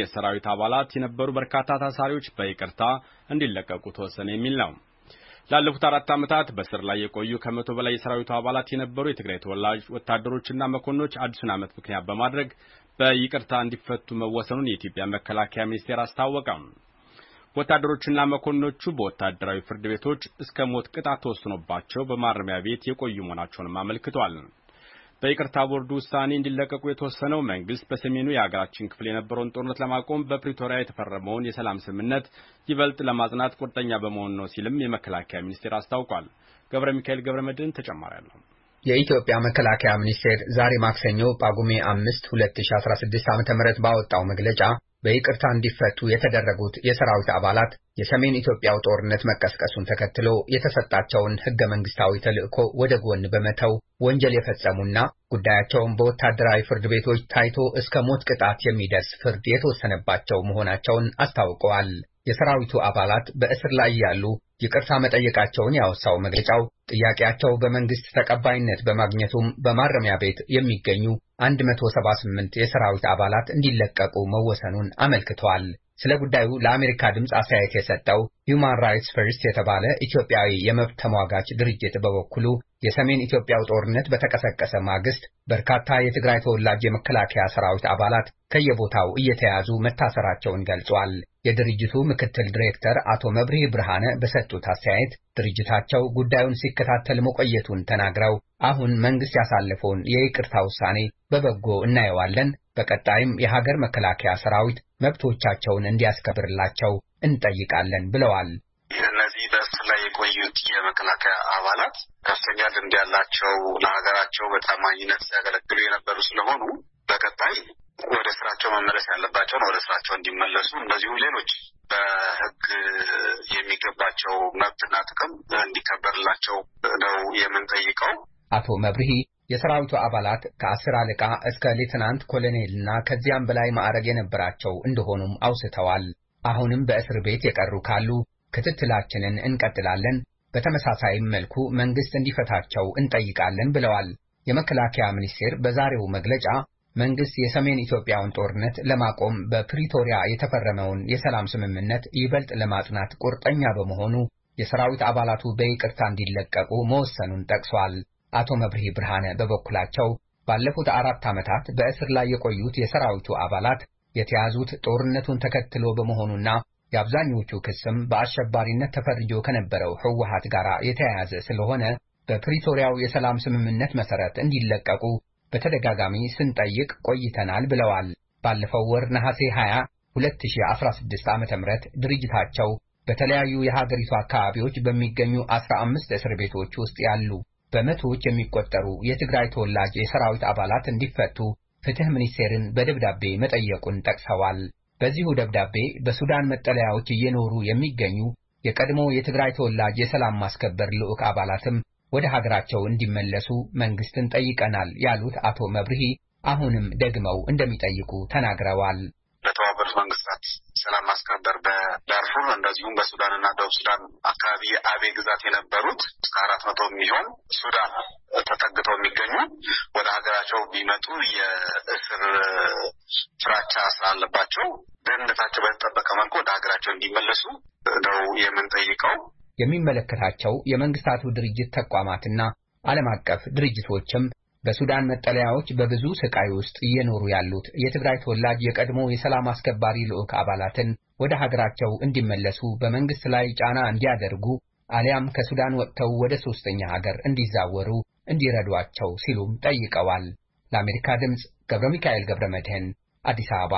የሰራዊት አባላት የነበሩ በርካታ ታሳሪዎች በይቅርታ እንዲለቀቁ ተወሰነ የሚል ነው። ላለፉት አራት ዓመታት በስር ላይ የቆዩ ከመቶ በላይ የሰራዊቱ አባላት የነበሩ የትግራይ ተወላጅ ወታደሮችና መኮንኖች አዲሱን ዓመት ምክንያት በማድረግ በይቅርታ እንዲፈቱ መወሰኑን የኢትዮጵያ መከላከያ ሚኒስቴር አስታወቀም። ወታደሮችና መኮንኖቹ በወታደራዊ ፍርድ ቤቶች እስከ ሞት ቅጣት ተወስኖባቸው በማረሚያ ቤት የቆዩ መሆናቸውንም አመልክቷል። በይቅርታ ቦርዱ ውሳኔ እንዲለቀቁ የተወሰነው መንግስት በሰሜኑ የሀገራችን ክፍል የነበረውን ጦርነት ለማቆም በፕሪቶሪያ የተፈረመውን የሰላም ስምምነት ይበልጥ ለማጽናት ቁርጠኛ በመሆኑ ነው ሲልም የመከላከያ ሚኒስቴር አስታውቋል። ገብረ ሚካኤል ገብረ መድህን ተጨማሪ አለው። የኢትዮጵያ መከላከያ ሚኒስቴር ዛሬ ማክሰኞ ጳጉሜ አምስት ሁለት ሺ አስራ ስድስት ዓመተ ምህረት ባወጣው መግለጫ በይቅርታ እንዲፈቱ የተደረጉት የሰራዊት አባላት የሰሜን ኢትዮጵያው ጦርነት መቀስቀሱን ተከትሎ የተሰጣቸውን ህገ መንግስታዊ ተልዕኮ ወደ ጎን በመተው ወንጀል የፈጸሙና ጉዳያቸውን በወታደራዊ ፍርድ ቤቶች ታይቶ እስከ ሞት ቅጣት የሚደርስ ፍርድ የተወሰነባቸው መሆናቸውን አስታውቀዋል። የሰራዊቱ አባላት በእስር ላይ ያሉ ይቅርታ መጠየቃቸውን ያወሳው መግለጫው ጥያቄያቸው በመንግስት ተቀባይነት በማግኘቱም በማረሚያ ቤት የሚገኙ 178 የሰራዊት አባላት እንዲለቀቁ መወሰኑን አመልክቷል። ስለ ጉዳዩ ለአሜሪካ ድምፅ አስተያየት የሰጠው ሂውማን ራይትስ ፈርስት የተባለ ኢትዮጵያዊ የመብት ተሟጋች ድርጅት በበኩሉ የሰሜን ኢትዮጵያው ጦርነት በተቀሰቀሰ ማግስት በርካታ የትግራይ ተወላጅ የመከላከያ ሰራዊት አባላት ከየቦታው እየተያዙ መታሰራቸውን ገልጿል። የድርጅቱ ምክትል ዲሬክተር አቶ መብርህ ብርሃነ በሰጡት አስተያየት ድርጅታቸው ጉዳዩን ሲከታተል መቆየቱን ተናግረው አሁን መንግስት ያሳለፈውን የይቅርታ ውሳኔ በበጎ እናየዋለን በቀጣይም የሀገር መከላከያ ሰራዊት መብቶቻቸውን እንዲያስከብርላቸው እንጠይቃለን ብለዋል። እነዚህ በእስር ላይ የቆዩት የመከላከያ አባላት ከፍተኛ ልምድ ያላቸው ለሀገራቸው በታማኝነት ሲያገለግሉ የነበሩ ስለሆኑ በቀጣይ ወደ ስራቸው መመለስ ያለባቸውን ወደ ስራቸው እንዲመለሱ፣ እንደዚሁ ሌሎች በህግ የሚገባቸው መብትና ጥቅም እንዲከበርላቸው ነው የምንጠይቀው። አቶ መብርሂ የሰራዊቱ አባላት ከአስር አለቃ እስከ ሌትናንት ኮሎኔልና ከዚያም በላይ ማዕረግ የነበራቸው እንደሆኑም አውስተዋል። አሁንም በእስር ቤት የቀሩ ካሉ ክትትላችንን እንቀጥላለን፣ በተመሳሳይም መልኩ መንግስት እንዲፈታቸው እንጠይቃለን ብለዋል። የመከላከያ ሚኒስቴር በዛሬው መግለጫ መንግሥት የሰሜን ኢትዮጵያውን ጦርነት ለማቆም በፕሪቶሪያ የተፈረመውን የሰላም ስምምነት ይበልጥ ለማጽናት ቁርጠኛ በመሆኑ የሰራዊት አባላቱ በይቅርታ እንዲለቀቁ መወሰኑን ጠቅሷል። አቶ መብርሄ ብርሃነ በበኩላቸው ባለፉት አራት ዓመታት በእስር ላይ የቆዩት የሰራዊቱ አባላት የተያዙት ጦርነቱን ተከትሎ በመሆኑና የአብዛኞቹ ክስም በአሸባሪነት ተፈርጆ ከነበረው ህወሓት ጋር የተያያዘ ስለሆነ በፕሪቶሪያው የሰላም ስምምነት መሰረት እንዲለቀቁ በተደጋጋሚ ስንጠይቅ ቆይተናል ብለዋል። ባለፈው ወር ነሐሴ 20 2016 ዓ.ም ድርጅታቸው በተለያዩ የሀገሪቱ አካባቢዎች በሚገኙ 15 እስር ቤቶች ውስጥ ያሉ በመቶዎች የሚቆጠሩ የትግራይ ተወላጅ የሰራዊት አባላት እንዲፈቱ ፍትህ ሚኒስቴርን በደብዳቤ መጠየቁን ጠቅሰዋል። በዚሁ ደብዳቤ በሱዳን መጠለያዎች እየኖሩ የሚገኙ የቀድሞ የትግራይ ተወላጅ የሰላም ማስከበር ልዑክ አባላትም ወደ ሀገራቸው እንዲመለሱ መንግስትን ጠይቀናል ያሉት አቶ መብርሂ አሁንም ደግመው እንደሚጠይቁ ተናግረዋል። ሰላም ማስከበር በዳርፉር እንደዚሁም በሱዳን እና ደቡብ ሱዳን አካባቢ የአቤ ግዛት የነበሩት እስከ አራት መቶ የሚሆን ሱዳን ተጠግተው የሚገኙ ወደ ሀገራቸው ቢመጡ የእስር ፍራቻ ስላለባቸው ደህንነታቸው በተጠበቀ መልኩ ወደ ሀገራቸው እንዲመለሱ ነው የምንጠይቀው። የሚመለከታቸው የመንግስታቱ ድርጅት ተቋማትና ዓለም አቀፍ ድርጅቶችም በሱዳን መጠለያዎች በብዙ ስቃይ ውስጥ እየኖሩ ያሉት የትግራይ ተወላጅ የቀድሞ የሰላም አስከባሪ ልዑክ አባላትን ወደ ሀገራቸው እንዲመለሱ በመንግስት ላይ ጫና እንዲያደርጉ አሊያም ከሱዳን ወጥተው ወደ ሶስተኛ ሀገር እንዲዛወሩ እንዲረዷቸው ሲሉም ጠይቀዋል። ለአሜሪካ ድምፅ ገብረ ሚካኤል ገብረ መድህን አዲስ አበባ